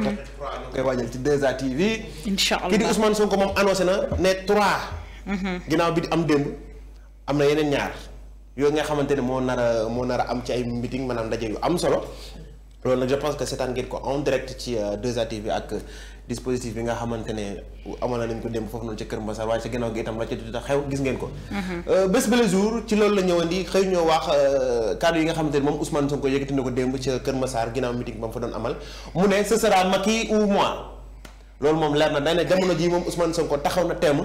moom ñu koy waajal ci 2A TV. incha allah kii di Ousmane Sonko moom annoncé na ne 3. Mm-hmm. ginnaaw bi am démb am na yeneen ñaar yooyu nga xamante ne moo nar moo nar am ci ay meeting maanaam ndaje yu am solo loolu nag je pense que seetaan ngeen ko en direct ci 2A euh, TV ak. dispositif bi nga xamante ne amoon nañ ko démb foofu noonu ca Kër Mbassar waaye ca gannaaw gi itam la ca tax xew gis ngeen ko. Mhm. Euh, bés ba le jour ci loolu la ñëwandi xëy ñoo wax euh, kàddu yi nga xamante moom Ousmane Sonko ko ba mu fa doon amal mu ne ce sera Macky taxaw na temm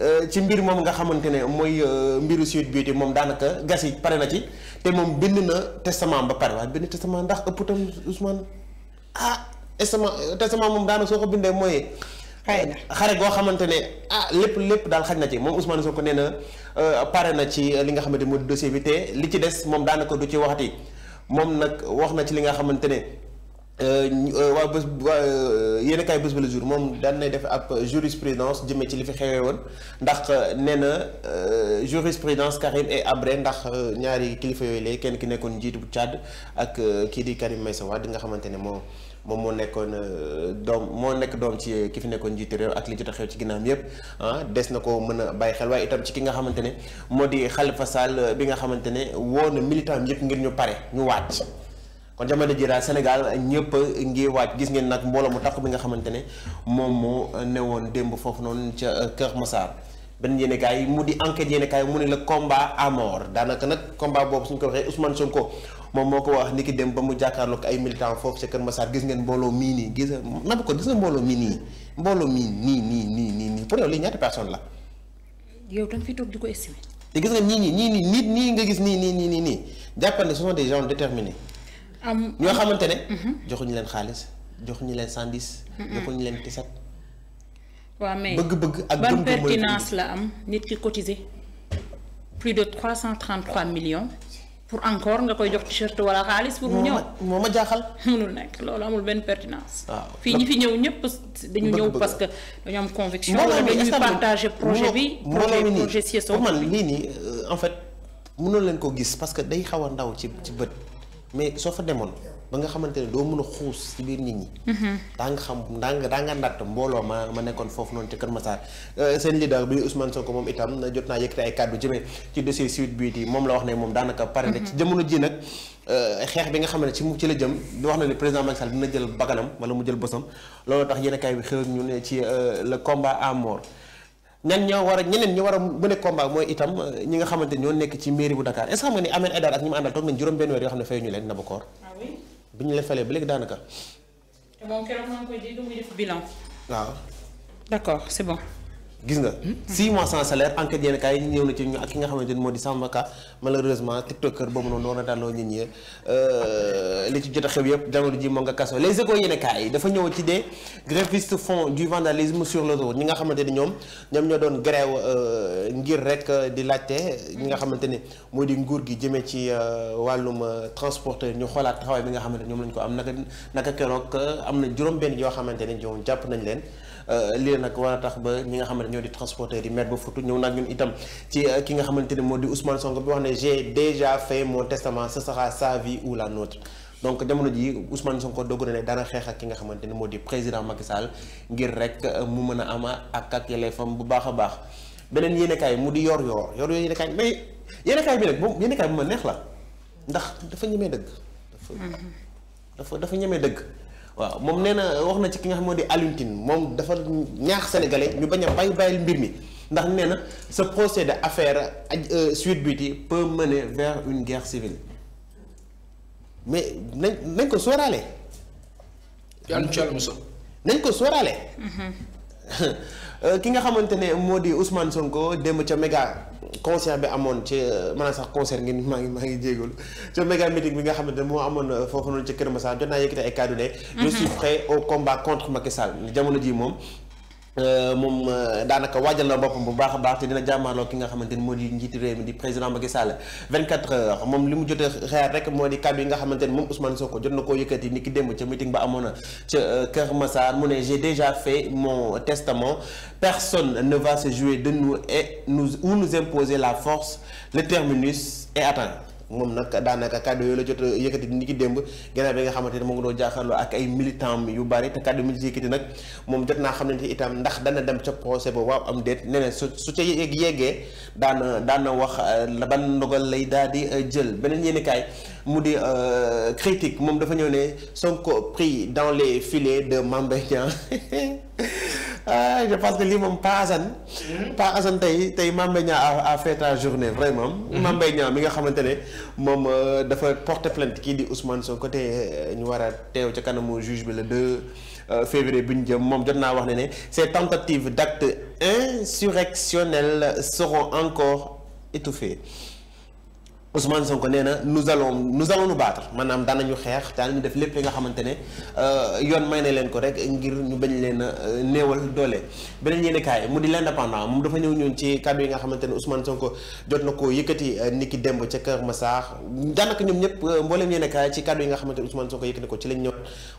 euh, ci mbir moom nga xamante mooy mbiru Sweet Beauty moom daanaka gas yi pare na ci te moom bind na ba pare waaye bind testament ndax ëpp tam testament testament moom daana soo ko bindee mooy. xëy na eh, xare goo xamante ne ah lépp lépp daal xaj na ci moom Ousmane Sonko nee na euh, pare na ci li nga xamante moo di dossier bi te li ci des moom daanaka du ci waxati moom nag wax na ci li nga xamante ne euh, euh, waa bés yéen kaay bés ba le jour moom daan nay def ab jurisprudence jëmee ci li fi xewee woon ndax nee na jurisprudence Karim et Habré ndax ñaari kilifa yooyu léegi kenn ki nekkoon njiitu bu Tchad ak kii di Karim Meïssa Wade nga xamante ne moo. moom moo nekkoon euh, doom moo nekk doom ci ki fi nekkoon njiité réew ak li jot a xew ci ginnaam yépp ah des na ko mën a bàyyi xel waaye itam ci ki nga xamante ne moo di Khalifa Sall euh, bi nga xamante ne woo na militant yépp ngir ñu pare ñu wàcc kon jamono jii daal Sénégal ñëpp ngi waaj gis ngeen nag mbooloo mu takku bi nga xamante ne moom moo newoon démb foofu noonu ca euh, Kër Massar benn yéenekaay yi mu di enquête yéenekaay mu ne la combat à mort daanaka nag combat boobu suñ ko waxee Ousmane ko moom moo ko wax ni ki dem ba mu jàkkaarloog ay militant foofu sa Kër Massar gis ngeen mbooloo mii nii gis na ko gis nga mbooloo mii nii nii nii nii nii nii pour yow lii ñaata personne la. yow da fi toog di ko estimer. te gis nga ñii ñii ñii nii nii nga gis nii nii nii nii nii jàppal ne ce sont des gens déterminés. am ñoo xamante ne. joxuñu leen xaalis joxuñu leen sandis. joxuñu leen tisat. waaw mais bëgg-bëgg ak ban pertinence la am nit ki cotisé plus de 333 millions. pour encore nga koy jox t-shirt wala xaalis. pour mu ñëw moo ma jaaxal. mënul nekk loolu amul benn pertinence. Ah, fii ñi fi ñëw ñëpp dañu ñëw parce que dañu am conviction. wala dañuy partager projet bi. projet projet CSO bi man lii nii euh, en fait mënul leen ko gis parce que day xaw a ndaw ci ci bët mais soo fa demoon. ba nga xamante ne doo mën a xuus ci biir nit ñi. Mhm. daa nga xam daa nga daa nga natt mbooloo ma ma nekkoon foofu noonu ci Kër Massar euh, seen leader bi Ousmane Sonko moom itam jot naa yëkkati ay kàddu jëmee ci dossier Sweet Beauty moom la wax ne moom daanaka pare na mhm. jamono ji nag. Euh, xeex bi nga xam ne ci mu ci la jëm wax na ne président Macky Sall dina jël bakkanam wala mu jël bosam loolu tax yéen a kaay bi xew ak ñu ne ci euh, le combat à mort ñoo war a ñeneen ñi war a bu ne combat mooy itam ñi nga xamante ñoo nekk ci mairie bu Dakar est-ce xam nga ni Ahmed Aïdara ak ñi mu àndal toog nañ juróom benn weer yoo xam ne fay ñu leen na bu ñu leen falee ba léegi daanaka. te moom keroog maa ngi koy dégg waaw. d'accord c'est bon. gis nga. 6 mois sans salaire enquête yenn kaay ñëw na ci ñu ak ki nga xamante ni moo di Samba Ka malheureusement tiktoker boobu noonu doon na daloo nit ñi euh, li ci jot a xew yëpp jamono jii moo nga kaso les échos yenn kaay dafa ñëw ci des grévistes font du vandalisme sur l'autoroute ñi nga xamante ni ñoom ñoom ñoo doon grève euh, ngir rek euh, di laajte ñi nga xamante ni moo di nguur gi jëmee ci wàllum transporteur ñu xoolaat taxawaay bi nga xamante ni ñoom lañ ko am naka naka keroog am na juróom-benn yoo xamante ni ñoom jàpp nañ leen. Euh, lii nag war a tax ba ñi nga xamante ñoo di transporteurs yi mer ba futu ñëw nag ñun itam ci euh, ki nga xamante ne moo di Ousmane Sonko bi wax ne j'ai déjà fait mon testament ce sera ji Ousmane Sonko dogu na ne dana ki nga xamante ne moo di président Macky Sall ngir rek euh, mu mën a am ak ak yelleefam bu baax a baax beneen yéenekaay mu di yor yor yor yor yéenekaay mais yéenekaay bi nag moom yéenekaay bi ma neex la ndax dafa ñemee dëgg. dafa mm-hmm. dafa ñemee dëgg. waaw moom nee na wax na ci ki nga xam moo di Alioune moom dafa ñaax sénégalais ñu bañ a bàyyi bàyyil mbir mi ndax nee na ce procès de affaire ak euh, Sweet Beauty peut mener vers une guerre civile mais nañ nañ ko sóoraale. yàlla nañ ko sóoraale. Mhm. Euh, ki nga xamante ne moo di Ousmane Sonko dem ca méga concert bi amoon ci euh, maanaam sax concert ngeen maa ngi maa ngi jégalu ca méga meeting bi nga xamante ne moo amoon euh, foofu noonu ca Kër Massar jot naa yëkkati ay kàddu ne. Mhm. je suis au combat contre Macky Sall jamono ji moom. Euh, moom euh, daanaka waajal na boppam bu baax a baax te dina jàmmaarloo ki nga xamante ni moo di njiitu réew mi di président Macky Sall 24 heures moom li mu jot xeer rek moo di kàddu yi nga xamante ni moom Ousmane Sonko jot na koo yëkkati ni ki démb ca meeting ba amoon na ca euh, Kër Massar mu ne j'ai déjà fait mon testament personne ne va se jouer de nous et nous ou nous imposer la force le terminus est atteint. moom nag daanaka kàddu yooyu la jot yëkkati ni ki démb gannaaw bi nga xamante ne moo ngi doo jaaxaloo ak ay militant yu bari te kàddu militi yëkkati nag moom jot naa xam ne itam ndax dana dem ca procès ba waaw am déet nee na su su ca yegg yeggee daana daana wax la euh, ban ndogal lay daal di euh, jël beneen yéeni mu di euh, critique moom dafa ñëw ne Sonko pris dans les filets de Mame ah je pense que lii moom Pa Assane. Hmm? Pa Assane tey tey Mame Mbaye Niang a a journée vraiment. Hmm? Mame Mbaye mi nga xamante ne moom euh, dafa porter plante kii di Ousmane soo te euh, ñu war a teew ca kanamu juge bi le 2 euh, février bi ñu jëm moom jot naa wax ne ne ces tentatives d' actes insurrectionnels seront encore étouffées. Ousmane Sonko nee na nous allons nous allons nous battre maanaam daanañu xeex ñu def lépp nga xamante ne euh, yoon may na leen ko rek ngir ñu bañ leen a euh, néewal doole. beneen yéen kaay mu di l'indépendant moom dafa ñëw ñun ci kàddu yi nga xamante ne Ousmane Sonko jot na ko yëkkati euh, ni ki démb ca Kër Massar daanaka ñoom ñëpp mboolem yéen kaay ci kàddu yi nga xamante ne Ousmane Sonko yëkkati ko ci lañ ñëw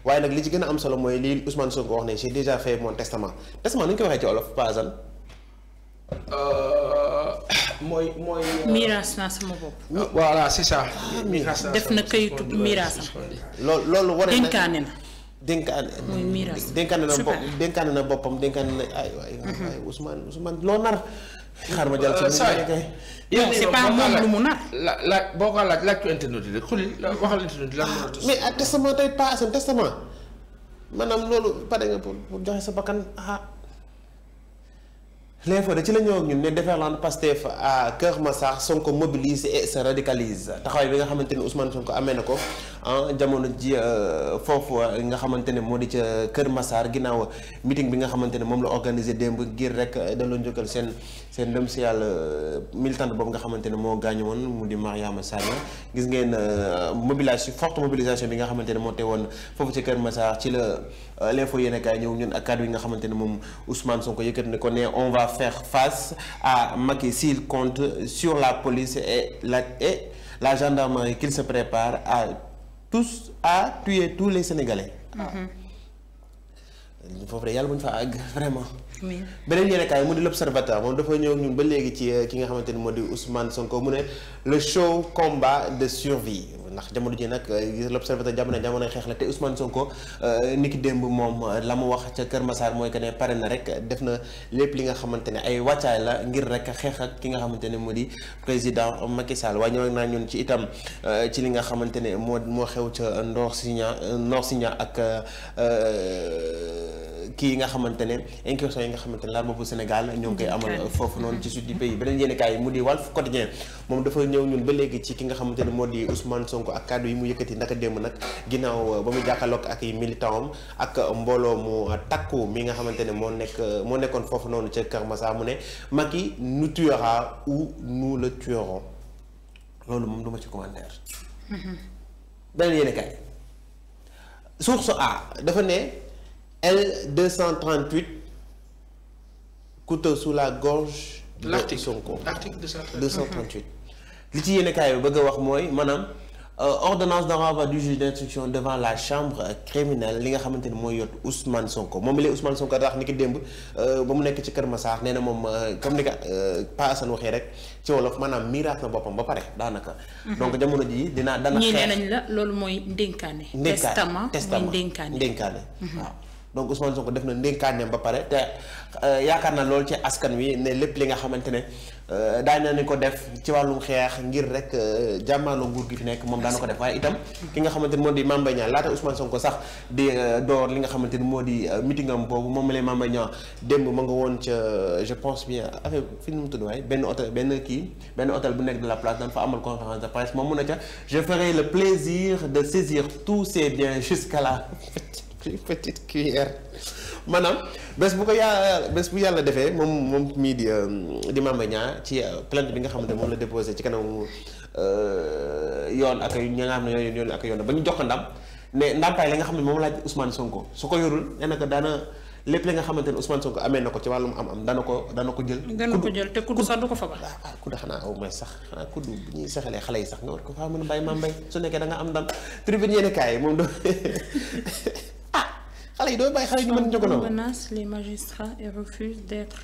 waaye nag li ci gën a am solo mooy lii Ousmane Sonko wax ne j'ai déjà waxee ci olof Euh, mooy mooy. Euh, miiras naa sama bopp. voilà c'est ça. miiras naa def na kayitu loolu war na dénkaane na. dénkaane mooy miiras dénkaane na bopp dénkaane na boppam dénkaane na ay mhm. ay Ousmane Ousmane loo nar. xaar ma jàll ci euh, yow c'est pas moom lu mu nar. la la ah, loolu pare nga pour joxe sa bakkan ah. l'info de ci la ñëw ak ñun ne déferlante Pastef à Kër Massar Sonko mobilise et radicalise taxawaay bi nga xamante ne Ousmane ko amee na ko ah jamono ji euh, foofu euh, nga xamante ne moo di ca Kër Massar ginnaaw meeting bi nga xamante ne moom la organisé démb ngir rek euh, delloo njukkal seen seen ndem si yàlla militante boobu nga xamante ne moo gaañu woon mu di Mariama Sagna gis ngeen mobilisation forte mobilisation bi nga xamante ne moo te woon foofu ci Kër Massar ci la. Euh, l'info yéen a kaay ñëw ñun ak kàddu yi nga xamante ne moom Ousmane Sonko yëkkati ne ko ne on va faire face à Macky s'il compte sur la police e la et la gendarmerie qu'il se prépare à tous à tuer tous les Sénégalais. Mm-hmm. Ah. foofu de yàlla bu fa àgg vraiment. beneen yéen a kaay mu di l'observateur moom dafa ñëw ñun ba léegi ci eh, ki nga xamante ni moo di Ousmane Sonko mu ne le show combat de survie ndax jamono ji nag eh, l'observateur jamono jamono xeex la te Ousmane Sonko eh, niki démb moom la mu wax ca Kër Massar mooy que ne pare na rek def na lépp li nga xamante ne ay wàccaay la ngir rek xeex ak ki nga xamante ne moo di président Macky Sall waaye ñëw naa ñun ci itam ci li nga xamante ne moo moo xew ca Ndor Signa Ndor Signa ak. kii yi nga xamante ne incursion yi nga xamante ne l'armée bu Sénégal ñoo ngi koy amal foofu noonu ci sud du pays beneen yéenekaay yi mu di Walf Quotidien moom dafa ñëw ñun ba léegi ci ki nga xamante ne moo di Ousmane Sonko ak kàddu yi mu yëkkati naka démb nag ginnaaw euh, ba mu jàkkaarloog ak ay ak mbooloo mu takku mi nga xamante moo nekk moo nekkoon foofu noonu ca Kër Massa mu ne Macky nous tuera ou nous le tuerons loolu moom du ma ci commentaire beneen yéenekaay cent L238 couteau sous la gorge. de Sonko l'article li ci yéenekaay bi bëgg a wax mooy maanaam euh, ordonnance de a du juge d'instruction devant la chambre criminelle li nga xamante ni mooy yot Ousmane Sonko moom mi lay Ousmane Sonko tax ni ki démb euh, ba mu nekk ci Kër Massar nee na moom euh, comme ni ko waxee rek ci wolof maanaam miiraat na boppam ba pare daanaka. Mhm. donc jamono jii dinaa dana. ñii nee nañ la loolu mooy ndénkaane. ndénkaane testament mooy ndénkaane. ndénkaane mhm. donc Ousmane Sonko def na ndénkaaneem ba pare te euh, yaakaar na loolu ci askan wi ne lépp li nga xamante ne euh, daañu nañu ko def ci wàllum xeex ngir rek euh, jàmmaarloo nguur gi fi nekk moom daana ko def waaye itam ki nga xamante ne moo di Mame Mbaye Niang laata Ousmane Sonko sax di li nga xamante ni moo di meetingam boobu moom ma Mame Mbaye Niang démb ma nga woon ca je pense bien affaire fi nu mu tudd waaye benn hôtel benn kii benn hôtel bu nekk de la place dañ fa amal conférence de presse moom mun na ca je ferai le plaisir de saisir tous ces biens jusqu'à la une petite cuillère maanaam bés bu ko yàlla bés bu yàlla defee moom moom mii di euh, di Mame Mbaye Niang ci euh, plainte bi nga xamante moom la déposé ci kanamu euh, yoon ak ñi nga xam ne yoon yoon ak yoon ba ñu jox ko ndam ne ndàmpaay la nga xam ne moom laaj Ousmane Sonko su ko yorul nee na daana lépp li nga xamante ne Ousmane Sonko amee na ko ci wàllum am-am dana ko dana ko jël. dana ko jël te kuddu sax du ko fa ba. waaw ah, ah, waaw kuddu xanaa au sax ñuy saxalee xale yi sax nga war ko a bàyyi Mame Mbaye su nekkee da nga am ndam tribune yenn kaay moom do xale yi dooy bàyyi xale yi ñu mën njëkkanoo les magistrats et d'être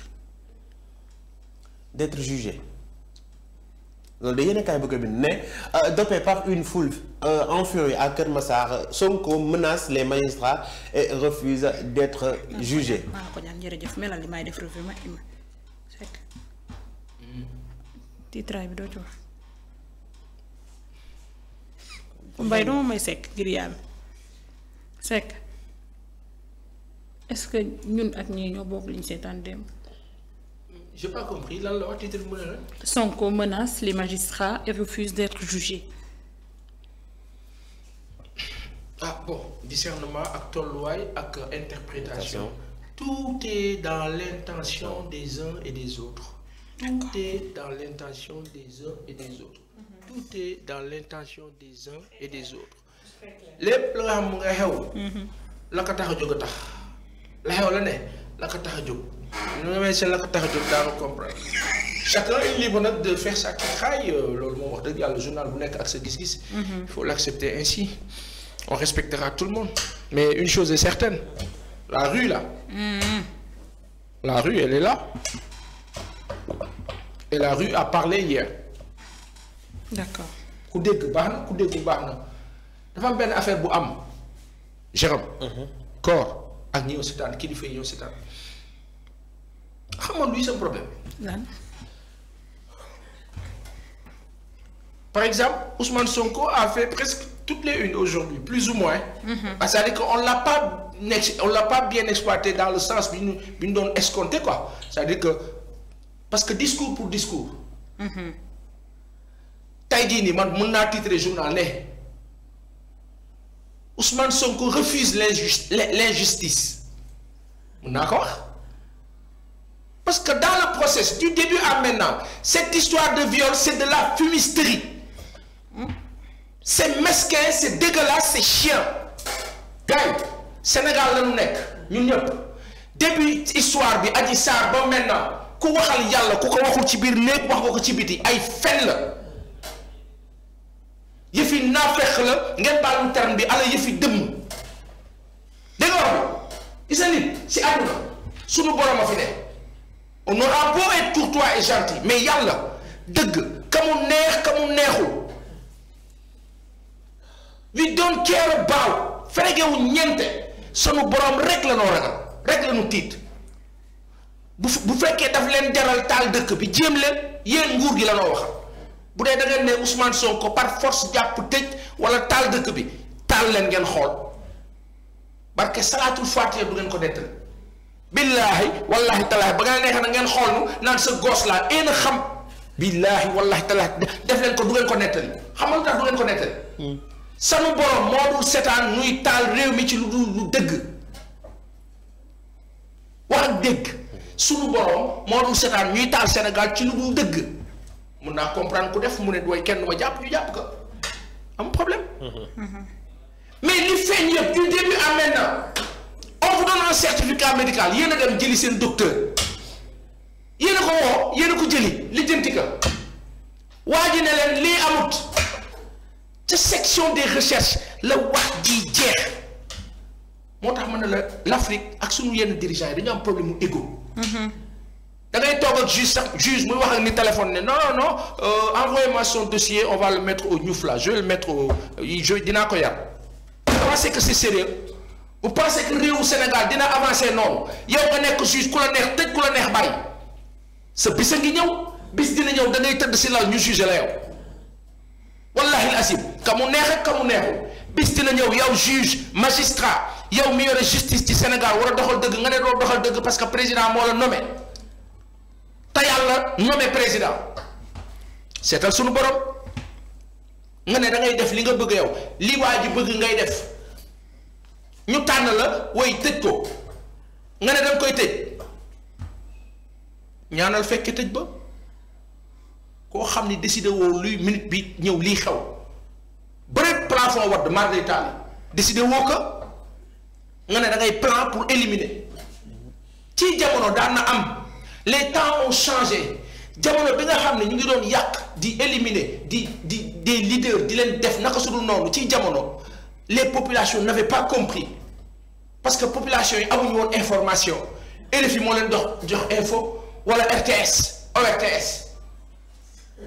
d'être jugés loolu de kaay bëgg a bind ne euh, dopé par une foule euh, enfurie à Kër Massar Sonko menace les magistrats refuse d'être jugé. maa ah, ko ñaan jërëjëf melal li may def revue ma ima fekk titraay bi doo ci wax. Mbaye dama may sekk ngir yàlla sekk. est-ce que ñun ak ñii ñoo bokk liñ seetaan démb. j'ai compris lan la wax titre mu ne la. Sonko menace les magistrats et refuse d'être jugé. ah bon discernement ak tolluwaay ak interprétation. tout est dans l'intention des uns et des autres. tout est dans l'intention des uns et des autres. tout est dans l'intention des uns et des autres. lépp la nga xew. Mhm. la ko tax a jóg a laayoo la ne la ko tax a jóg ñu demee seen la ko tax a jóg daanu comprendre chacun est libre nag de faire sa xaay loolu moom wax dëgg yàlla journal bu nekk ak sa gis-gis. Mhm. il faut l'accepter ainsi on respectera tout le monde mais une chose est certaine la rue là. Mhm. la rue elle est là la rue a parlé hier. d'accord ku dégg baax na ku dégg baax na dafa am benn affaire bu am Jérôme. Mhm. corps. ak ñi ñoo seetaan kilifa yi ñoo seetaan xam nga luy seen problème. lan. par exemple Ousmane Sonko a fait presque toutes les unes aujourd'hui plus ou moins. Mhm. Ah, c'est-à-dire que on l'a pas nekk on l'a pas bien exploité dans le sens bi ñu bi ñu doon escompté quoi c'est-à-dire que parce que discours pour discours. Mhm. tey nii man mën naa titrer journal ne. Ousmane Sonko refuse l'injustice mun naa ko wax parce que dans le process du début à maintenant cette histoire de viol c'est de la fumisterie hmm? c'est mesquin c'est dégueulasse c'est chien gars Sénégal la ñu nekk ñun ñëpp début histoire bi Adji Sarr ba maintenant ku waxal yàlla ku ko waxul ci biir néeg wax nga ko ci biti ay fen la yëfi naafeq la ngeen baalu terme bi ala yëfi dëmm dégg nga si àdduna sunu borom a fi ne on aura beau être courtois et gentil mais yàlla dëgg ka mu neex ka mu neexul we don't care about feregewu ñeente sunu borom rek la noo ragal rek la nu tiit bu fekkee daf leen jaral taal dëkk bi jéem leen yéen nguur gi lanoo noo bu dee da ngeen ne Ousmane Sonko par force jàpp tëj wala taal dëkk bi taal leen ngeen xool barke salaatul faatiha du ngeen ko dettal billaahi wallaahi talaahi ba nga neexee na ngeen xool nu naan sa goos laa een xam billaahi wallaahi talaahi def leen ko du ngeen ko nettali xam nga lu ngeen ko nettali hmm. sanu borom moo dul taal réew mi ci lu dul lu dëgg wax ak dëgg sunu borom moo dul setaan ñuy taal Sénégal ci lu dul dëgg mun naa comprendre ku def mu ne dooy kenn ma jàpp ñu jàpp ko am problème. mais li feeñ yëpp du début à maintenant on vous donne un certificat médical yéen a dem jëli seen docteur yéen a ko woo yéen ko jëli li jënti ka waa ji ne leen lii amut ca section des recherches la wax ji jeex moo tax ma ne la l'Afrique ak suñu yenn dirigeants yi dañu am problème mu dangay ngay toog ak juge sax juge muy wax ak ni téléphone ne non non non euh, envoyez-moi son dossier on va le mettre au ñuuf là je vais le mettre au euh, dinaa ko yar. vous pensez que c'est sérieux vous pensez que réewu Sénégal dina avancer noonu yow nga nekk juge ku la neex tëj ku la neex bàyyi sa bis a ngi ñëw bis dina ñëw dangay tëdd si lal ñu juge la yow wallahi asim ka mu neex ak ka mu neexul bis dina ñëw yow juge magistrat yow mi yore justice ci Sénégal war a doxal dëgg nga ne doo doxal dëgg parce que président moo la nommé. te yàlla nommé président seetal suñu borom nga ne da def li nga bëgg yow li waa ji bëgg ngay def ñu tànn la way tëj ko nga ne da koy tëj ñaanal fekk tëj ba koo xam ni décidé woo luy minute bi ñëw lii xew bëreet plafond wadd mar day taal décidé woo ko nga ne dangay ngay plan pour éliminer ci jamono daan na am. les temps ont changé jamono bi nga xam ne ñu ngi doon yàq di éliminer di di des leaders di leen def naka su dul noonu ci jamono les populations n'avaient pas compris parce que population yi amuñu woon information RFI moo leen dox jox info wala RTS ORTS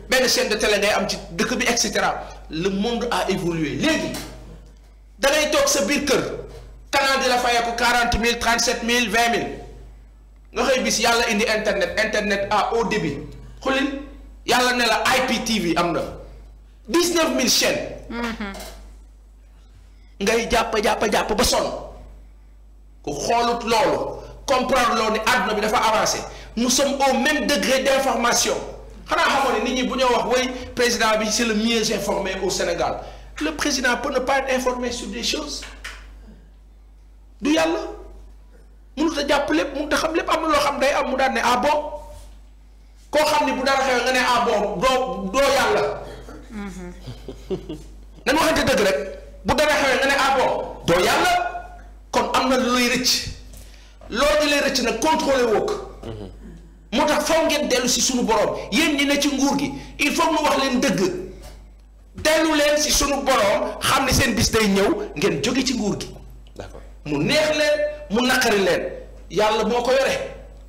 benn chaîne de télé ngay am ci dëkk bi et cetera le monde a évolué léegi da ngay toog sa biir kër canal di la fayeeku 40 000 37 000 20 000. nga xëy bis yàlla indi internet internet à haut débit xulin yàlla ne la IPTV am na dix neuf mille chaînes. Mm-hmm. ngay jàpp jàpp jàpp ba sonn ku xoolut loolu comprendre loolu ni àdduna bi dafa avancé nous sommes au même degré d' information xanaa xamoon ne nit ñi bu ñoo wax way président bi c' est le mieux informé au Sénégal le président peut ne pas être informé sur des choses du yàlla. mënut a jàpp lépp mënut a xam lépp am na loo xam day am mu daan ne ah bon koo xam ne bu dara xew nga ne ah bon doo doo yàlla. Mm-hmm. nañ waxante dëgg bu dara xewee nga ne ah bon doo yàlla kon am na lu lay rëcc loolu lay rëcc nag contrôlé woo mm-hmm. moo tax faw ngeen dellu si sunu borom yéen ñi ne ci nguur gi il faut mu wax leen dëgg dellu leen si sunu borom xam ne seen bis day ñëw ngeen jóge ci nguur gi mu neex leen mu naqari leen yàlla moo ko yore.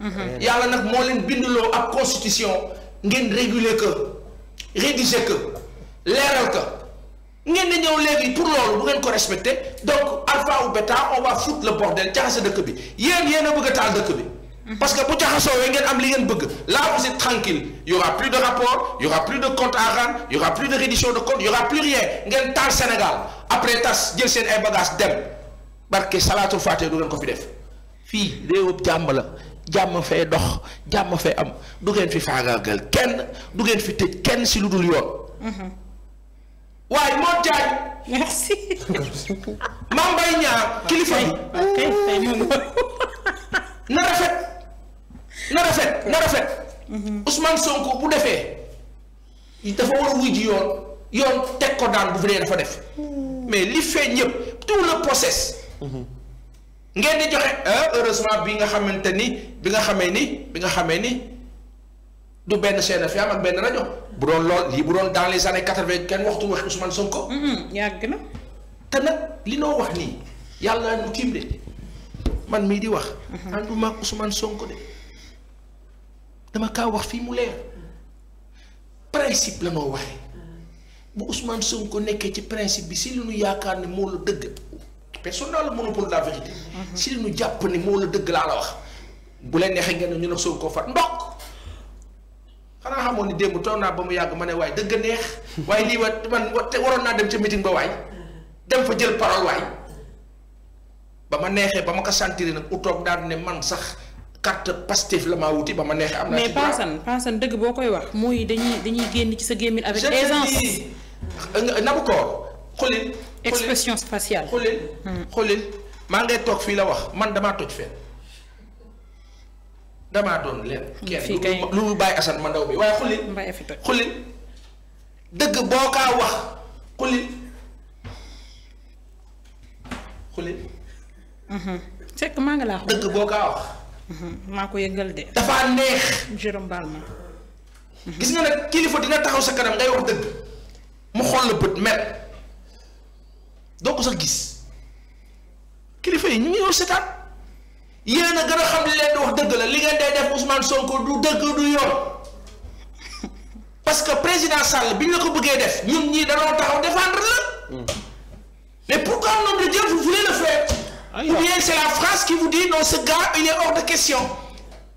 Mhm. yàlla nag moo leen binduloo ab constitution ngeen réguler que rédiger que leeral que ngeen di ñëw léegi pour loolu bu ngeen ko respecter donc alpha ou bêta on va foutre le bordel jaxase dëkk bi yéen yéen a bëgg a taal dëkk bi. Mhm. parce que bu jaxasoowee ngeen am li ngeen bëgg la vous êtes tranquille y aura plus de rapport y aura plus de compte à rendre y plus de reddition de compte y plus rien ngeen taal Sénégal après tas jël seen ay dem. barke salaatul faatee du ngeen ko fi def fii réewub jàmm la jàmm fee dox jàmm fee am du ngeen fi faagaagal kenn du ngeen fi tëj kenn si lu dul yoon. Mhm. waaye moo jaay. merci. maa mbay ñaar kilifa yi. na rafet na rafet na mhm. bu defee dafa war a wuy yoon yoon teg ko daan bu fi dee dafa def hmm. mais li feeñ ñëpp tout le process. ngeen di joxe heureusement bi nga xamante ni bi nga xamee ni bi nga xamee ni du benn chaîne fi am ak benn rajo bu doon lool yi bu doon dans les années quatre-vingt kenn waxtu wax Ousmane Sonko. Mm-hmm, yàgg na. te nag wax nii yàlla nu tiim de man mii di wax. Mm-hmm. ànduma ak Sonko de dama kaa wax fii mu leer principe la noo waxee bu Ousmane Sonko nekkee ci principe bi si lu nu yaakaar ne moo la dëgg. personne n'a le monopole de la vérité. Mhm. si jàpp ni moo la dëgg laa la wax bu leen neexee ngeen ñu ne soog koo far ndox xanaa xamoon ni démb toog naa ba mu yàgg ma ne waaye dëgg neex waaye lii wa man waroon naa dem ca meeting ba waay dem fa jël parole waay ba ma neexee ba ma ko sentir nag utoog daal ne man sax. carte Pastef la maa wuti ba ma neexee am naa ci mais Pansane Pansane dëgg boo koy wax mooy dañuy dañuy génn ci sa gémmiñ avec aisance. Nabucor xulil expression spatiale xooleel hmm. xooleel maa ngay toog fii la wax man damaa toj fenn damaa doon leen hmm, kenn lu mu bàyyi Assane ma ndaw bi waaye xooleel xooleel dëgg boo kaa wax xooleel xooleel c'est hmm. maa ngi laa xool dëgg boo kaa wax maa ko yëgal de dafaa neex Jérôme baal gis nga nag kilifa dina taxaw sa kanam ngay wax dëgg mu xool la bët mer doo ko sax gis kilifa yi ñu ngi yor seetaan yéen a gën a xam li wax dëgg la li ngeen day def Ousmane Sonko du dëgg du yoon parce que président Sall bi ñu la ko bëggee def ñun ñii danoo taxaw défendre la mais pourquoi nom de Dieu vous voulez le faire ou bien c'est la France qui vous dit non ce gars il est question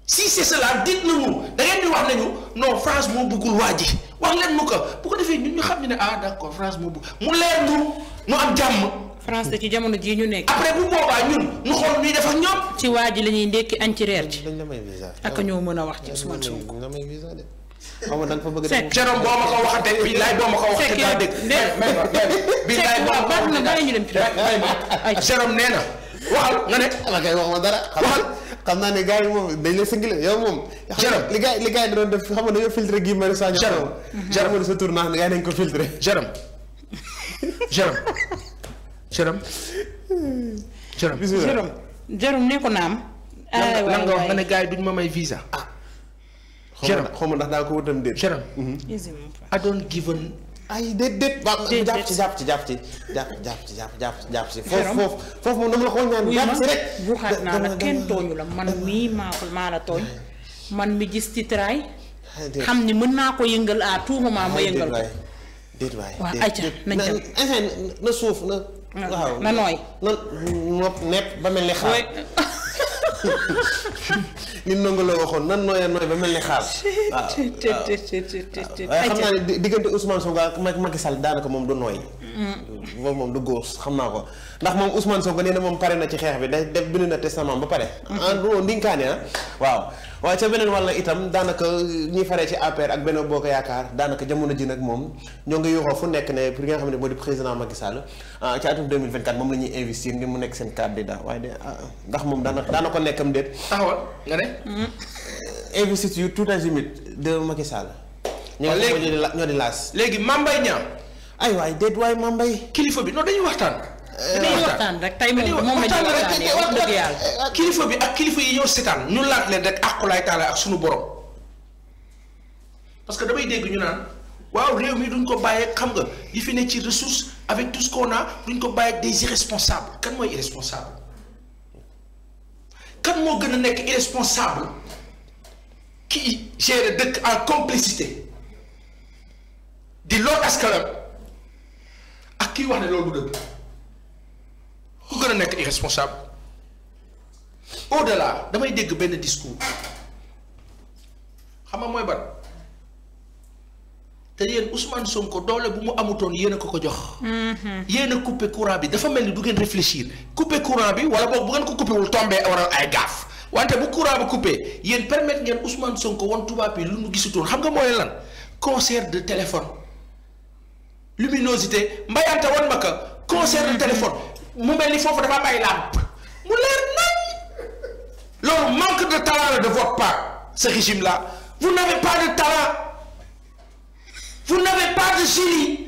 si c'est cela dites-le nous da ngeen di wax nañu non France moo bëggul waa ji wax leen mu ko bu ko defee ñun ñu xam ne ah d' accord France moo bëgg mu leer ñu ñu am jàmm. France ci jamono jii ñu nekk. ci waa ji la ñuy ndékki añ ci reer ji. ak ñoo mën a wax ci Ousmane Sonko. xaw ma da nga fa bëgg a. fekk Jérôme boo ma ko waxatee bii laay boo ma ko waxatee daa dégg. bii laay boo ma ko waxatee nee na waxal nga ne. waxal. xam naa ne gaa yi moom dañ lay sëngile yow moom. Jérôme li gars li gars yi doon def xam nga dañoo filtré Guy Marius Sagna. Jérôme mhm. Jérôme sa tour naan gars yi dañ ko filtré. Jérôme Jérôme Jérôme Jérôme. Jérôme Jérôme naam. aywa nga wax nga ne gars yi duñ ma may visa. ah Jérôme ndax daa ko wutam déet. Jérôme. Mhm. I don't given ay déet déet. déet jàpp ci jàpp ci jàpp ci jàpp jàpp ci jàpp jàpp ci. foofu foofu moom dama la ko ñaan jàpp ci naa la kenn tooñu la man mii maa maa la tooñ man mi gis titraay. xam ni mën naa ko yëngal à tout moment ma yëngal ko. déet waay waaw ayca nañ na suuf na nooy. na nopp nepp ba mel ni xaar. li ndongo la waxoon nan nooyee nooy ba mel ni xaal. waaw waaw waaye xam naa ne diggante Ousmane Sonko ak Macky Sall daanaka moom du nooy. boobu moom du góos xam naa ko ndax moom Ousmane Sonko nee na moom pare na ci xeex bi day def bind na testament ba pare en gros ndinkaane ah waaw waaye ca beneen wàll itam daanaka ñi fare ci APR ak Benno Bokk Yaakaar daanaka jamono ji nag moom ñoo ngi yuuxoo fu nekk ne pour nga xam ne moo di président Macky Sall ah, ci atum 2024 moom la ñuy investir mu nekk seen candidat waaye de ah, ndax moom daanaka daanaka nekkam déet taxawal nga ne eh, investiture tout azimut de Macky Sall ñoo di laas léegi Mame Mbaye ay waay déet waay ma mbay kilifa bi non dañuy waxtaan. Euh, dañuy rek tey moom moom la euh, euh, kilifa bi ak kilifa yi ñoo seetaan ñu laat leen rek àqulaay taala ak suñu borom parce que damay dégg ñu naan waaw réew mi duñ ko bàyyee xam nga yi fi ne ci ressource avec tout ce a duñ ko bàyyee des irresponsables kan mooy irresponsable kan moo gën a nekk irresponsable kii gère dëkk en complicité di lool askanam. ak kii wax ne loolu du dëgg ku gën a nekk irresponsable au delà damay dégg benn discours xam nga mooy ban te yéen Ousmane Sonko doole bu mu amutoon yéen a ko ko jox. Mm-hmm. yéen a coupé courant bi dafa mel ni du ngeen réfléchir coupé courant bi wala boog bu ngeen ko coupé wul tombé a ay gaaf wante bu courant bi coupé yéen permettre ngeen Ousmane Sonko wan tubaab bi lu mu gisutoon xam nga mooy lan concert de téléphone. luminosité mbayante woon ma ka concert de téléphone mu mel ni foofu dafa am ay làmp mu leer nañ loolu manque de talent la de votre part ce régime là vous n'avez pas de talent vous n'avez pas de génie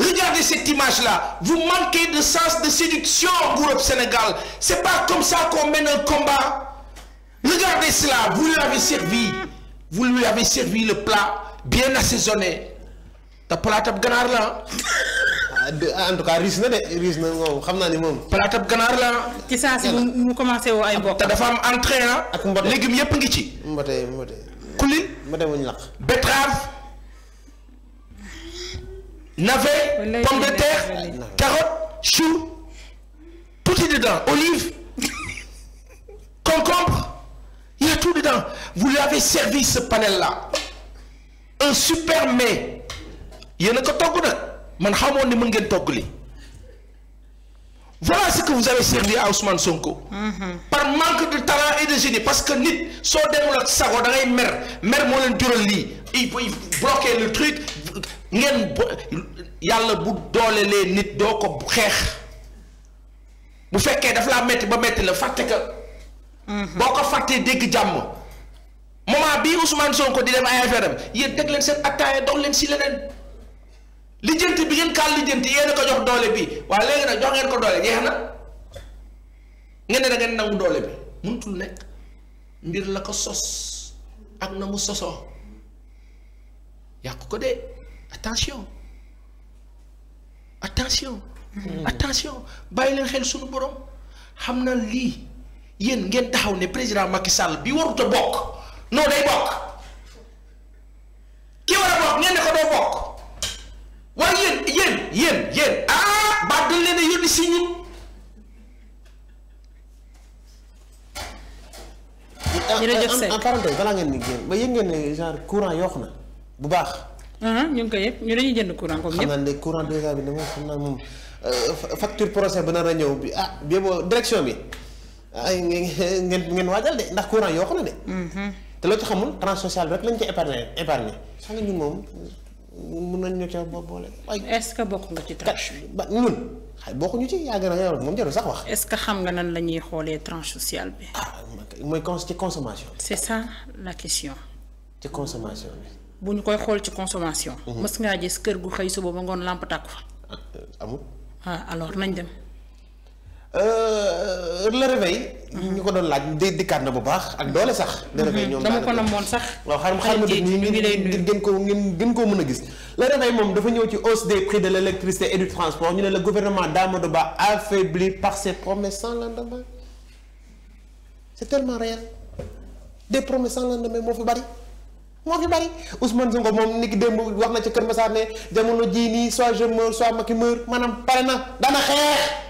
regardez cette image là vous manquez de sens de séduction groupe Sénégal c'est pas comme ça qu'on mène un combat regardez cela vous l'avez servi vous lui avez servi le plat bien assaisonné te palaatab ganaar la ah, en tout cas riis na de riis na moom xam naa ni moom. palaatab ganaar la ci mu commencé woo ay mbokk. te dafa am entrée ah. ak mbote légumes yëpp ngi ci. mbote mbote. kulli. mbote wuñ laq. betterave. navet. pomme de terre. carotte chou. tout est dedans olive. concombre y tout ans, vous lui avez servi ce panel-là. Un super mets. yéena ko togg na man xamoon ni mën ngeen togg li voilà ce que vous avez servi à Sonko. Mhm. par manque de talent et parce que nit soo demul ak sago da mer mer moo leen jural lii il faut bloquer le truc ngeen yàlla bu doolelee nit doo ko xeex bu fekkee daf laa metti ba metti la fàtte ka. Mhm. boo ko fàttee dégg jàmm. moment bii Ousmane Sonko di dem ay affaire am yéen teg leen seen attaaya dox leen si leneen lijjanti bi ngeen kaal lijjanti yéen a ko jox doole bi waaye léegi nag jox ngeen ko doole na ngeen ne da mbir la ko sos ak na mu sosoo yàqu ko de attention attention. Hmm. attention bàyyi leen xel borom xam na lii yéen ngeen taxaw ne président Macky sàll bi warut a bokk. non day bokk ki war a bokk ngeen ne ko doo bokk waaye yéen yéen yéen ah baat dañ leen a yónni si ñun ah, jërëjëf ah, Seck en ah, balaa ngeen ba yëg ngeen ne genre courant yokk na bu baax. ñu ngi koy yëg ñu dañuy jënd courant comme ñëpp. xam naa ne courant dèjà bi dama xam naa moom euh, facture procès ba nar a ñëw bi ah bi boo direction bi ay ngeen ngeen waajal de ndax courant yokk na de. Mhm. te loo ci xamul tranche sociale bi rek lañ ci épargné épargné xam nga ñun moom mun nañ ñoo boo boole. est-ce que bokk nga ci tranche bi. ba ñun xay bokkuñu ci yaa gën a yow moom jarul sax wax. est-ce que xam nga nan la ñuy xoolee tranche sociale bi. Ah, mooy cons ci consommation. c'est ça la question. ci consommation bi. bu ñu koy xool ci consommation. Mhm. mës ngaa gis kër gu xëy suba ba ngoon làmp tàkku fa. Ah, euh, amul. Ah, alors nañ dem. Euh, le réveil. ñu ko doon laaj di dikkaat na bu baax ak doole sax. le ñoom dama ko namoon sax. waaw xaaral ma xaaral ma dégg ñu ngir gën ko ngeen gën koo mën a gis. le réveil moom dafa ñëw ci hausse des prix de l' électricité et du transport ñu ne le gouvernement d'Amadou Ba affaibli par ses promesses sans lendemain c' est tellement réel des promesses sans lendemain moo fi bari. moo fi bari Ousmane Sonko moom niki démb wax na ci Kër Massar ne jamono jii nii soit je meurs soit Macky meurt maanaam pare na dana xeex.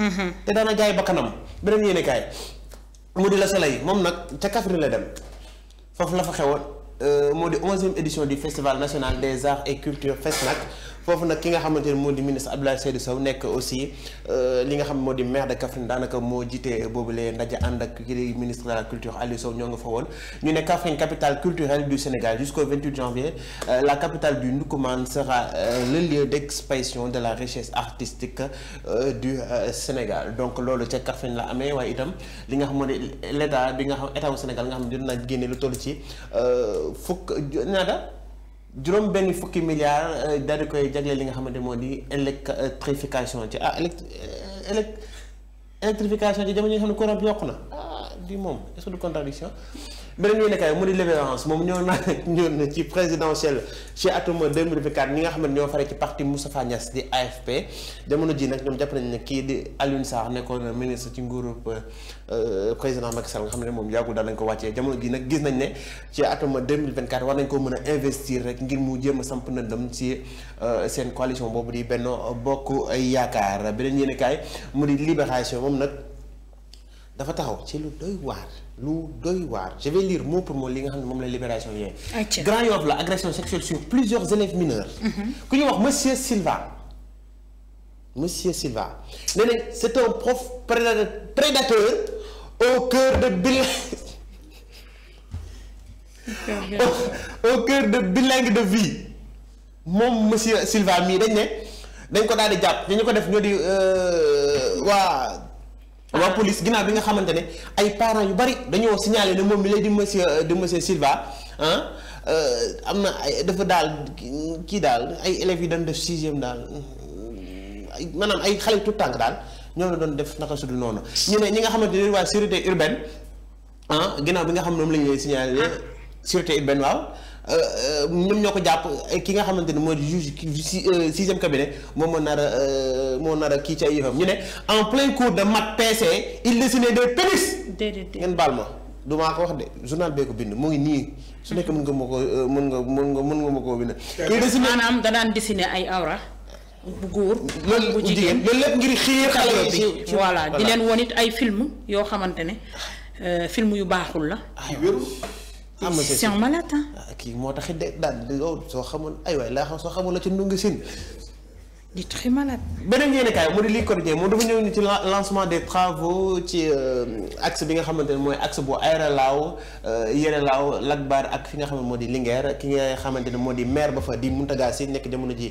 Mm-hmm. te daana jaay bakkanam beneen yéene kaay mu di la soleil moom nag ca Kaffrine la dem foofu la fa xewoon euh, moo di onzième édition du festival national des arts et culture FESNAC foofu nag ki nga xamante ne moo di ministre Abdoulaye Seydou Sow nekk aussi euh, li nga xam moo di maire de Kaffrine daanaka moo jiite boobulee ndaje ànd ak kii ministre de la culture Aliou Sow ñoo nga fa woon ñu ne Kaffrine capitale culturelle du Sénégal jusqu'au 28 janvier euh, la capitale du Ndoukoumane sera euh, le lieu d'expression de la richesse artistique du Sénégal donc loolu ca Kaffrine la amee waaye itam li nga xam moo di l'état bi nga xam état Sénégal nga xam ne dina génne lu toll ci fukk juróom benn fukki milliards euh, daal di koy jagle li nga xamante moo di électrification ci ah élect euh, électrification ci jamono yi nga xam ne courant bi yokku na ah di moom est-ce que du contradiction beneen yéen a kaay mu di Libération moom ñëw na ñëw na ci présidentielle ci atum 2024 ñi nga xam ne ñoo fare ci parti Moustapha Niass di AFP jamono ji nag ñoom jàpp nañ ne kii di Alioune Sarr nekkoon ministre ci nguuru euh, président Macky Sall nga xam ne moom yàggul daal lañ ko wàccee jamono ji nag gis nañ ne ci atum 2024 war nañ koo mën a investir rek ngir mu jéem a samp na dem ci euh, seen coalition boobu di benn bokk yaakaar beneen yéen a kaay mu di Libération moom nag dafa taxaw ci lu lu doy waar je vais lire mot pour mot li nga xam ne moom la libération yooyu. Grand Yoff la agression sexuelle sur plusieurs élèves mineurs. Mhm. ku ñu wax monsieur Silva. monsieur Silva nee nañ c' est prof prédateur au cœur de bilingue au cœur de bilingue de vie moom monsieur Silva mii dañ ne dañ ko daal di jàpp ñu ko def ñoo di euh, waa. waa police ginnaaw bi nga xamante ne ay parents yu bari dañoo siñaale ne moom mi lay di monsieur euh, de monsieur Silva ah am na ay dafa daal kii daal ay élèves yi doon def sixième daal ay maanaam ay xale tout tànk daal ñoo la doon def naka sudu noonu ñu ne ñi nga xamante ne waa sécurité urbaine ah ginnaaw bi nga xam moom la ñu lay signaler ah. sécurité urbaine waaw ñoom euh, euh, ñoo ko jàpp euh, ki nga xamante ni mooy juge sixième cabinet moom moo nar a moo nar a kii ci ay yëfam ñu ne en plein cours de maths PC il dessinait des pénis. déedéet ngeen baal ma du maa ko wax de journal bee ko bind mu ngi nii su nekk mën nga ma ko mën nga mën nga mën nga ma koo bind. il dessiné maanaam danaan dessiné ay awra. bu góor loolu bu jigéen loolu lépp ngir xiir xale bi voilà di leen won it ay film yoo xamante ne film yu baaxul la. c'est un malade ah kii moo taxit de daal di soo xamoon ay waay laa xam soo xamoon la ci ndungu sin di très malade. beneen yéen kaay mu di lii quotidien moom dafa ñëw ñu ci lancement des travaux ci euh, axe bi nga xamante ne mooy axe bu Aérelao euh, Yerelao Lac Bar ak fi nga xam ne moo di Linguère ki nga xamante ne moo di maire ba fa di Mountaga Sy nekk jamono ji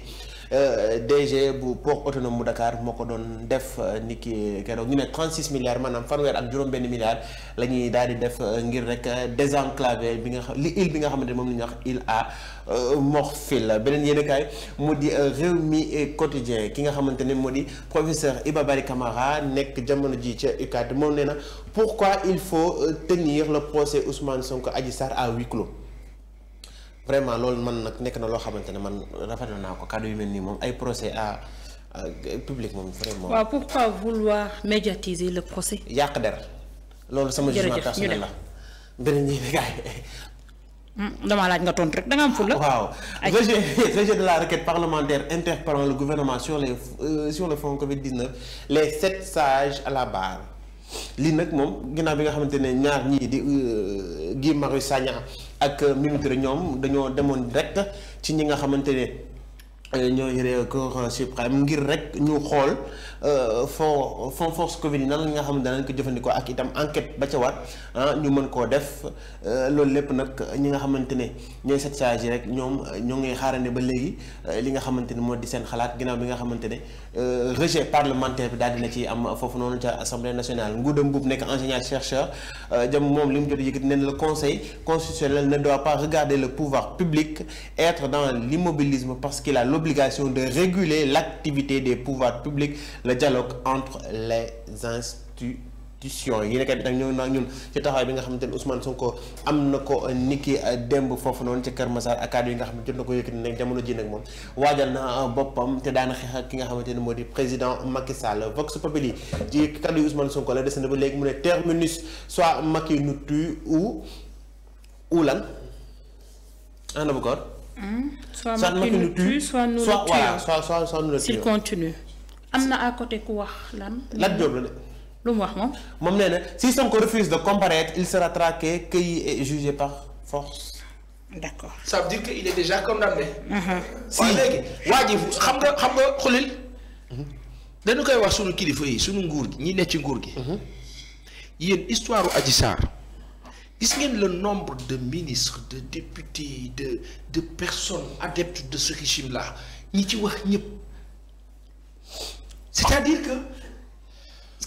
Euh, DG bu port autonome bu Dakar moo ko doon def euh, ni ki euh, keroog ñu ne trent 36 milliards maanaam fanweer ak juróom benn milliards la ñuy daal di def ngir rek désenclaver bi nga xam li île bi nga xamante ne moom la ñax wax île à benn beneen yéen mu di réew mi quotidien ki nga xamante ne moo di professeur Iba bari Camara nekk jamono ji ca UCAD moom nee na pourquoi il faut tenir la procès Ousmane Sonko Adji Sarr à huis clos vraiment loolu man nag nekk na loo xamante ne man rafetlu naa ko kàddu yu mel nii moom ay procès à public moom vraiment. waaw pourquoi vouloir médiatiser le procès. yàq der loolu sama jugement personnel la beneen ñi gaay hmm, damaa laaj nga tontu rek da nga am fula. waaw rejet de la requête parlementaire interpellant le gouvernement sur les euh, sur le fond Covid 19 les sept sages à la barre. lii nag moom ginnaaw bi nga xamante ne ñaar ñii di euh, Guy Marius Sagna ak euh, Mimi Touré ñoom dañoo demoon rek ci ñi nga xamante ne. ñoo yore cour suprême ngir rek ñu xool euh, fond fond force Covid yi nan la nga xam ne danañ ko jëfandikoo ak itam enquête ba ca war ah, ñu mën koo def euh, loolu lépp nag ñi nga xamante ne ñooy sept sages rek ñoom ñoo ngi xaarandi ba léegi euh, li nga xamante ne moo di seen xalaat ginnaaw bi nga xamante ne rejet parlementaire bi daal dina ci am foofu noonu ca assemblée nationale Ngouda Mboup nekk enseignant chercheur jëm moom li mu jot a yëkkati ne le conseil constitutionnel ne doit pas regarder l'obligation de réguler l'activité des pouvoirs publics, le dialogue entre les institutions. yi nekkat bi ñëw naa ñun ci taxawaay bi nga xamante ne Ousmane Sonko am na ko niki démb foofu noonu ci Kër Massar ak kàddu yi nga xamante jot na ko yëkkati nag jamono ji moom waajal na ah, boppam te daan xeex ki nga xamante ne moo di président Macky Sall Vox Populi ci kàddu yi Ousmane Sonko la des na ba léegi mu ne terminus soit Macky nous tue ou ou lan en soit Macky nous tue soit nous soit voilà soit soit soit am na à côté ku wax lan. lu mu wax moom. moom nee na si Sonko refuse de comparaître il sera traqué cueilli et jugé par force. d'accord ça que il est déjà condamné. Uh-huh. si léegi waa xam nga xam nga xulil. Uh-huh. dañu koy wax sunu kilifa yi suñu nguur gi ñi ne ci nguur gi. Uh-huh. yéen histoire u gis ngeen le nombre de ministres de députés de de personnes adeptes de ce régime là ñi ci wax ñëpp c'est-à-dire que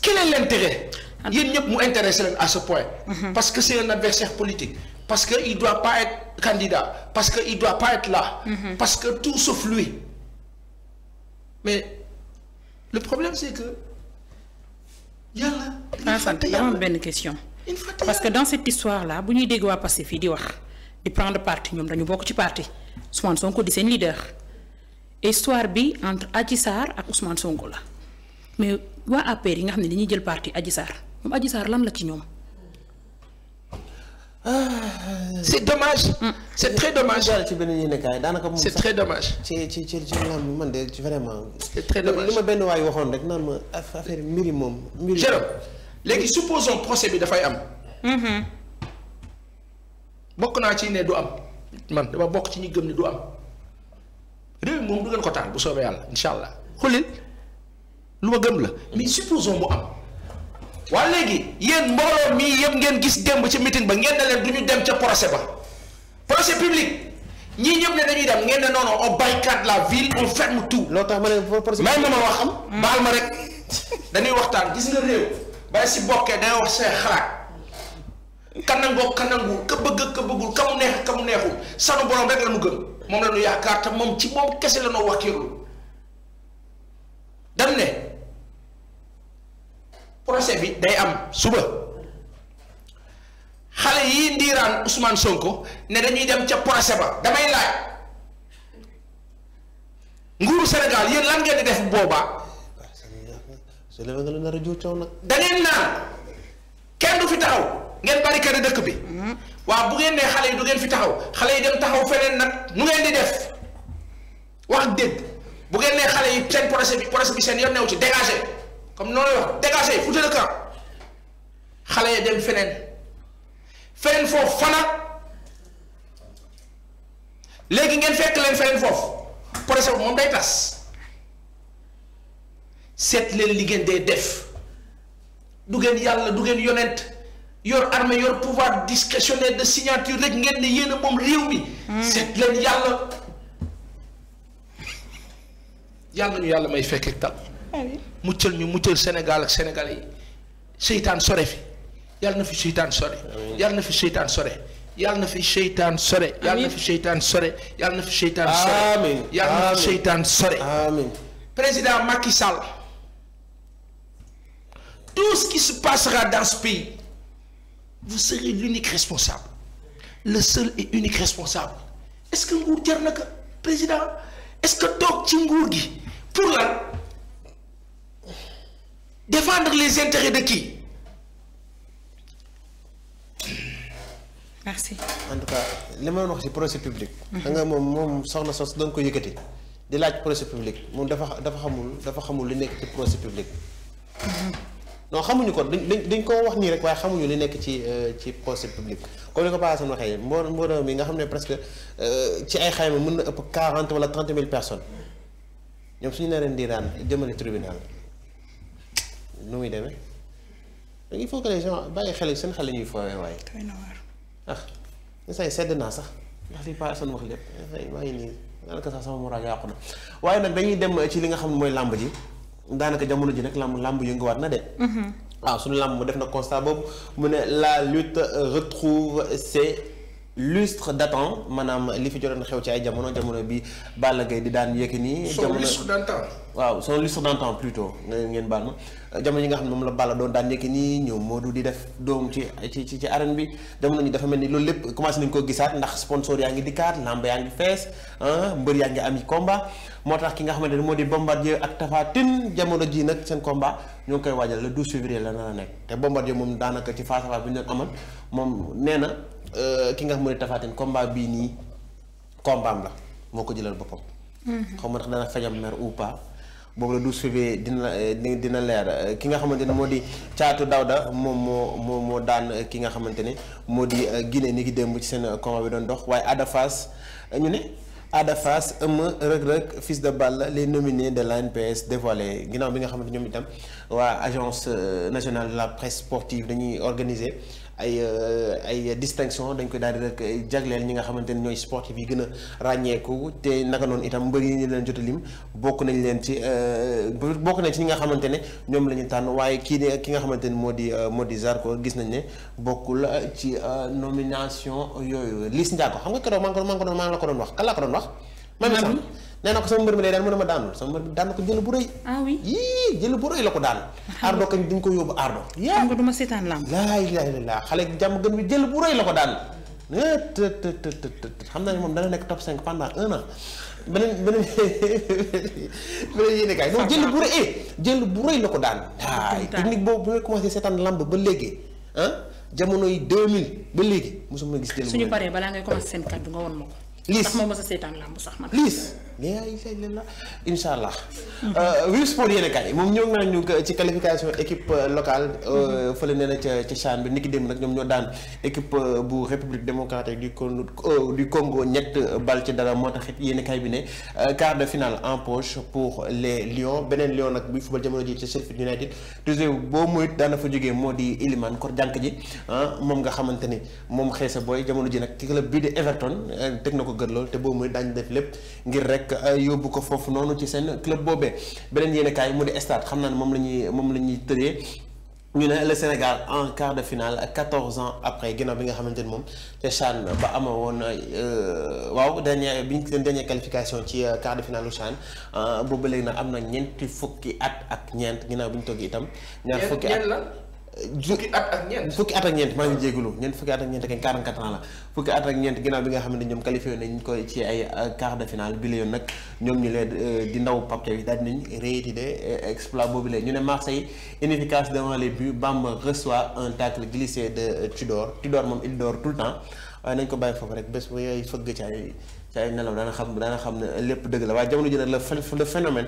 quel est l'intérêt yéen ñëpp mu intéressé leen à ce point mhm. parce que c'est un adversaire politique parce que il doit pas être candidat parce que il doit pas être là mhm. parce que tout sauf lui mais le problème c'est que yàlla dafa am benn question parce que dans cette histoire là bu ñuy dégg waa Pastef fii di wax di prendre parti ñoom dañu bokk ci parti Ousmane Sonko di seen leader histoire bi entre Adji Sarr ak Ousmane Sonko la mais waa APR yi nga xam ne dañuy jël parti Adji Sarr moom Adji lam la ci ñoom. Ah, c'est dommage. Mm. c'est très dommage ci benn yéenekaay daanaka moom c'est très dommage. ci ci ci li ma benn waay waxoon rek naan ma affaire mbiri moom. mbiri léegi supposons procès bi dafay am. Mm-hmm. bokk naa ci ne du am man dama bokk ci ñi gëm ne du am réew moom du ngeen ko taal bu soobee yàlla incha allah xulil lu ma gëm la mais supposons mu am. waa léegi yéen mbooloo mii yëpp ngeen gis démb ci meeting ba ngeen ne leen du ñu dem ca procès ba procès public ñii ñëpp ne dañuy dem ngeen ne non non on boycotte la ville on ferme tout. loo tax ma ne procès may ma ma wax am. baal ma rek mm. dañuy waxtaan gis nga réew. bàyyi si bokkee day wax say xalaat ka nangoo ka nanguwul ka bëgg ka bëggul ka mu neex ka mu neexul sanu borom rek la nu gëm moom la nu yaakaar te moom ci moom kese la noo wakkiirlu dañ ne procès bi day am suba xale yi ndiiraan Ousmane Sonko ne dañuy dem ca procès ba damay laaj nguuru Sénégal yéen lan ngeen di def boobaa. c'est le nga lu nar a jur coow nag. da ngeen naan kenn du fi taxaw ngeen barricade dëkk bi. waaw bu ngeen ne xale yi du ngeen fi taxaw xale yi dem taxaw feneen nag nu ngeen di def wax dëgg bu ngeen ne xale yi seen projet bi projet bi seen yoon new ci dégagé comme noonu la wax dégagé foutez le camp xale yi dem feneen feneen foofu fana léegi ngeen fekk leen feneen foofu projet bi moom day tas. seet leen li ngeen dee def du yàlla du ngeen yonent yor armée yor pouvoir discrétionnaire de signature rek ngeen ne yéen a moom réew mi. Hmm. seet leen yàlla. yàlla ñu yàlla may fekk ak tal. muccal ñu muccal Sénégal ak Sénégalais yi seytaan sore fi yàlla na fi seytaan sore. yàlla na fi seytaan sore. yàlla na fi seytaan sore. yàlla na fi seytaan sore. yàlla na fi seytaan sore. amiin yàlla na fi seytaan sore. président Macky tout ce qui se passera dans ce pays vous serez l'unique responsable le seul et unique responsable est-ce que nguur jar na président est-ce que toog ci nguur gi pour lan défendre les intérêts de qui. en tout cas li ma wax ci procès public. da nga moom moom soxna sos da nga ko yëkkati di laaj procès public moom dafa dafa xamul dafa xamul lu nekk ci procès public. Mhm. non xamuñu ko dañ dañ koo wax nii rek waaye xamuñu li nekk ci euh, ci pose public comme ni ko Paa Assane waxee mbooloo mbooloo mi nga xam ne presque euh, ci ay xayma mun na ëpp quarante wala trente mille personnes ñoom suñu nee leen di daan jëmale tribunal nu muy demee donc il faut que les gens bàyyi xel seen xel la ñuy foowee waaye. ah instant sedd naa sax ndax li Paa Assane wax lépp instant yii maa ngi nii daanaka sax sama moral yàqu na waaye nag dañuy dem ci li xam mooy làmb ji. daanaka jamono ji nag làmb làmb yënguwaat na de. Mhm. waaw suñu làmb mu def na constat boobu mu ne la lutte retrouve ses lustre datant maanaam li fi jotoon xew ci ay jamono jamono bi Balla Gaye di daan Yékini. jamono soo lustre daantam. waaw son lustre d'antan plutôt ngeen baal ma jamono yi nga xam ne moom la Balla doon daan nekk nii ñoom Modou di def doom ci ci ci bi jamono ñu dafa mel ni loolu lépp commencé nañ ko gisaat ndax sponsor yaa ngi dikkaat lamb yaa ngi fees ah, mbër yaa ngi am i combat moo tax ki nga xamante ne moo di Bombardier ak Tapha Tine jamono ji nag seen komba ñoo ngi koy waajal la 12 février la na nekk te Bombardier moom daanaka ci face à face bi ñu doon amal moom nee na euh, ki nga xam ne Tapha Tine combat bii nii combat la moo ko jëlal boppam. Mm-hmm. boobu la 12 février dina eh, dina leer ki nga xamante ne moo di caatu Dawda moom moo moo moo daan ki nga xamante ni moo di eh, eh, Guinée ni ki démb ci seen combat bi doon dox waaye Ada Fass ñu ne Ada Fass ëmm Reug Reug fils de la les nominés de l'ANPS dévoilé ginnaaw bi nga xamante ñoom itam waa agence nationale de la presse sportive dañuy organiser. ay euh, ay distinction dañ koy daal di rek jagleel ñi nga xamante ne ñooy sportif yi gën a ràññeeku te naka noonu itam mbër yi ñu leen jot a bokk nañ leen ci euh, bokk nañ ci ñi nga xamante ne ñoom la ñu tànn waaye kii de ki nga xamante ne moo di euh, moo di Zarko gis nañ ne bokkul ci nomination yooyu Liss Ndiago xam nga keroog maa ngi ko maa ngi ko doon maa ngi la ko doon wax kan laa ko doon wax. Mami nee na ko sama mbër mi day daan mu ne ma daanul sama mbër mi daan na ko jël bu rëy. ah oui la ko daan. ardo kañ duñ nga du ma seetaan lamb. laa ilaaha illallaah xale jàmm gën bi jël bu la ko daan. xam naa ne moom dana nekk top 5 pendant un an beneen beneen beneen yéene kaay non jël bu rëy eh, jël bu rëy la ko daan. waay technique boobu bu may commencé seetaan lamb ba léegi ah jamono yi 2000 ba léegi mosuma gis. jël bu rëy suñu paree balaa ngay commencé seen kàddu nga won ma ko. liis ndax moom mos a seetaan sax man. liis. incha allah. wii sport yéen a moom ñoo ngi ñu ci qualification équipe euh, locale. Euh, fële nee na ca ca CHAN bi niki dem nag ñoom ñoo daan équipe euh, bu république démocratique du con du Congo ñett bal ci dara moo tax it yéen a kaay bi ne quart de finale en poche pour les Lions beneen Lion nag buy football jamono ji ca Sheffield United toujours boo muy daana fa jógee moo di Iliman kor jànk ji ah, moom nga xamante ni moom xeesa booy jamono ji nag ci club bii di Everton teg na ko gën lool te boo muy daañu def lépp ngir rek. rek euh, yóbbu ko foofu noonu ci seen club boobee beneen yéen kaay mu di stade xam naa ne moom la ñuy moom la ñuy tëree ñu ne le Sénégal en quart de finale 14 ans après ginnaaw bi nga xamante ni moom te CHAN ba ama euh, waaw dernier bi ñu seen dernière qualification ci euh, quart de finale u CHAN boobu léegi am na ñeenti fukki at ak ñeent ginnaaw bi ñu toog itam. ñaar fukki at fukki at ak ñeent fukki at ak ñeent maa ngi jégalu ñeent fukki at ak ñeent kañ 44 la fukki at ak ñeent ginnaaw bi nga xam ne ñoom qualifié nañ ko ci ay euh, quart de finale bi la ñu leen euh, di ndaw Pape Thiaw daal dinañ réitéré euh, exploit boobu la ñu ne Marseille inefficace devant les buts Bamba reçoit un tacle glissé de Tudor Tudor moom il dort tout temps waaye nañ ko bàyyi foofu rek bés bu yooyu fëgg caay caay nelaw daana xam daana xam lépp dëgg la waaye jamono ji nag la le phénomène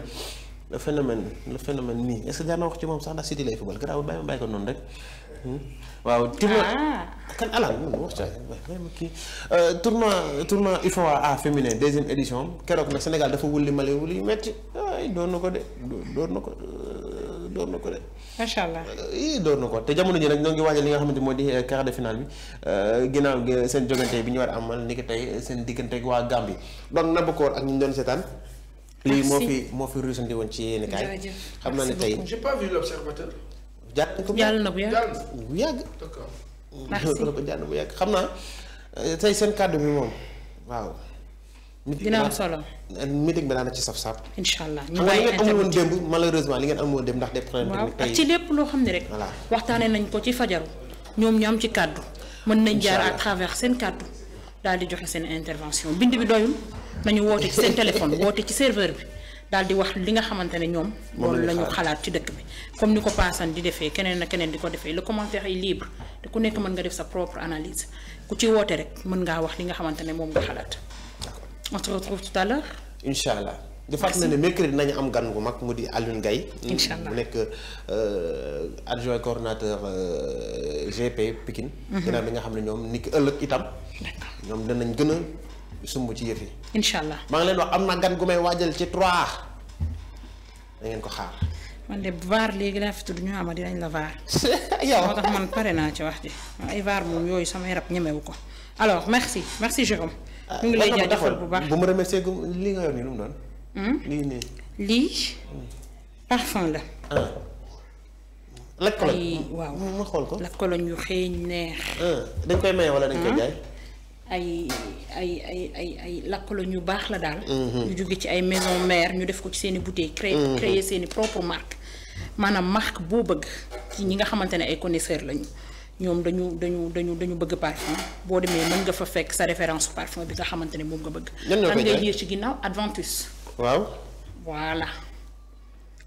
le phénomène le phénomène nii est-ce que jar na wax ci moom sax ndax City lay football garaawul bàyyi ma bàyyi ko noonu rek. Hmm? waaw tournoi ah. kan ala wax ca euh, A féminin deuxième édition keroog nag Sénégal dafa wulli Mali wulli metti ay doon na ko de doon na ko euh, doon na ko de. macha allah euh, ii doon na ko te jamono ji nag ñoo ngi waajal li nga xam xamante moo di quart de finale bi ginnaaw seen jogante bi ñu war amal ni ki tey seen digganteeg waa Gambie donc nabu ak doon seetaan. lii moo fi moo fi ruusandi woon ci yéen kaay. xam naa ne tey. j'ai pas vu l'observateur. jàll na bu yàgg jàll na bu yàgg. d'accord mm. merci bu yàgg xam naa euh, tey seen kàddu bi moom waaw. dina am solo meeting bi daan ci saf saaf. incha allah ñu bàyyi li ngeen amul démb li ngeen amul woon démb ndax des problèmes techniques tey ci lépp loo xam ne rek. voilà waxtaanee nañ ko ci fajaru ñoom ñu am ci kàddu. mën nañ jaar à seen kàddu dal di joxe seen intervention bind bi doyul. nañu woote ci seen téléphone woote ci serveur bi daal di wax li nga xamante ne ñoom. loolu la xalaat ci dëkk bi. comme ni ko paasan di defee keneen keneen di ko defee le commentaire est libre te ku nekk mën nga def sa propre analyse ku ci woote rek mën ngaa wax li nga xamante ne moom nga xalaat. on se retrouve tout à l'heure incha allah di fàttali ne mercredi nañu am gan gu mag mu di Alioune Gaye incha allah mu nekk euh, adjoint coordonnateur euh, GP Pikine. Mhm. ginnaaw bi nga xam ne ñoom ni ëllëg itam. ñoom danañ gën sumb ci yëf yi. incha allah maa ngi leen wax am na gan gu may waajal ci trois da ngeen ko xaar. man de vaar léegi laa fi tudd ñu ama dinañ la vaar. yow moo tax man pare naa ci wax ji ay vaar moom yooyu samay rab ñemewu ko alors merci merci Jérôme. Ah, ñu ngi lay jaajëfal bu bu ma remercier lii nga yor nii lu doon. Hmm? lii nii. lii hmm. parfum la. Ah. lakkaloñ waaw ma xool ko lakkaloñ yu xeeñ neex. Ah, dañ koy maye wala dañ koy hmm? jaay. ay ay ay ay ay lakkalo ñu baax la daal. Mhm. ñu jóge ci ay maison mère ñu def ko ci seen i bouteille. créé mhm. créé seen i propre marque maanaam marque boo bëgg ci ñi nga xamante ne ay connaisseurs lañu ñoom dañu dañu dañu dañu bëgg parfum boo demee mën nga fa fekk sa référence parfum bi nga xamante ne moom nga bëgg. lan ngay liir ci ginnaaw Adventus. waaw. voilà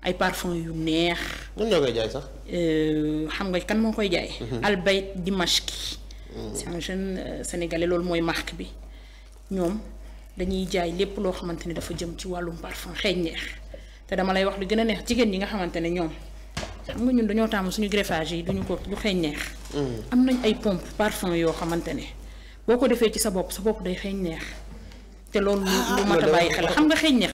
ay parfum yu neex. ñun ñoo koy jaay euh, xam nga kan moo koy jaay. Mhm. Albayt Dimashki. c'est un jeune euh, sénégalais loolu mooy marque bi ñoom dañuy jaay lépp loo xamante ne dafa jëm ci wàllum parfum xeeñ neex te dama lay wax lu gën a neex jigéen ñi nga xamante ne ñoom xam nga ñun dañoo taamu suñu greffage yi duñu ko du xeeñ neex. Mm. am nañ ay pompe parfum yoo xamante ne boo ko defee ci sa bopp sa bopp day xeeñ neex te loolu lu ah, mat bàyyi xel xam nga xeeñ neex.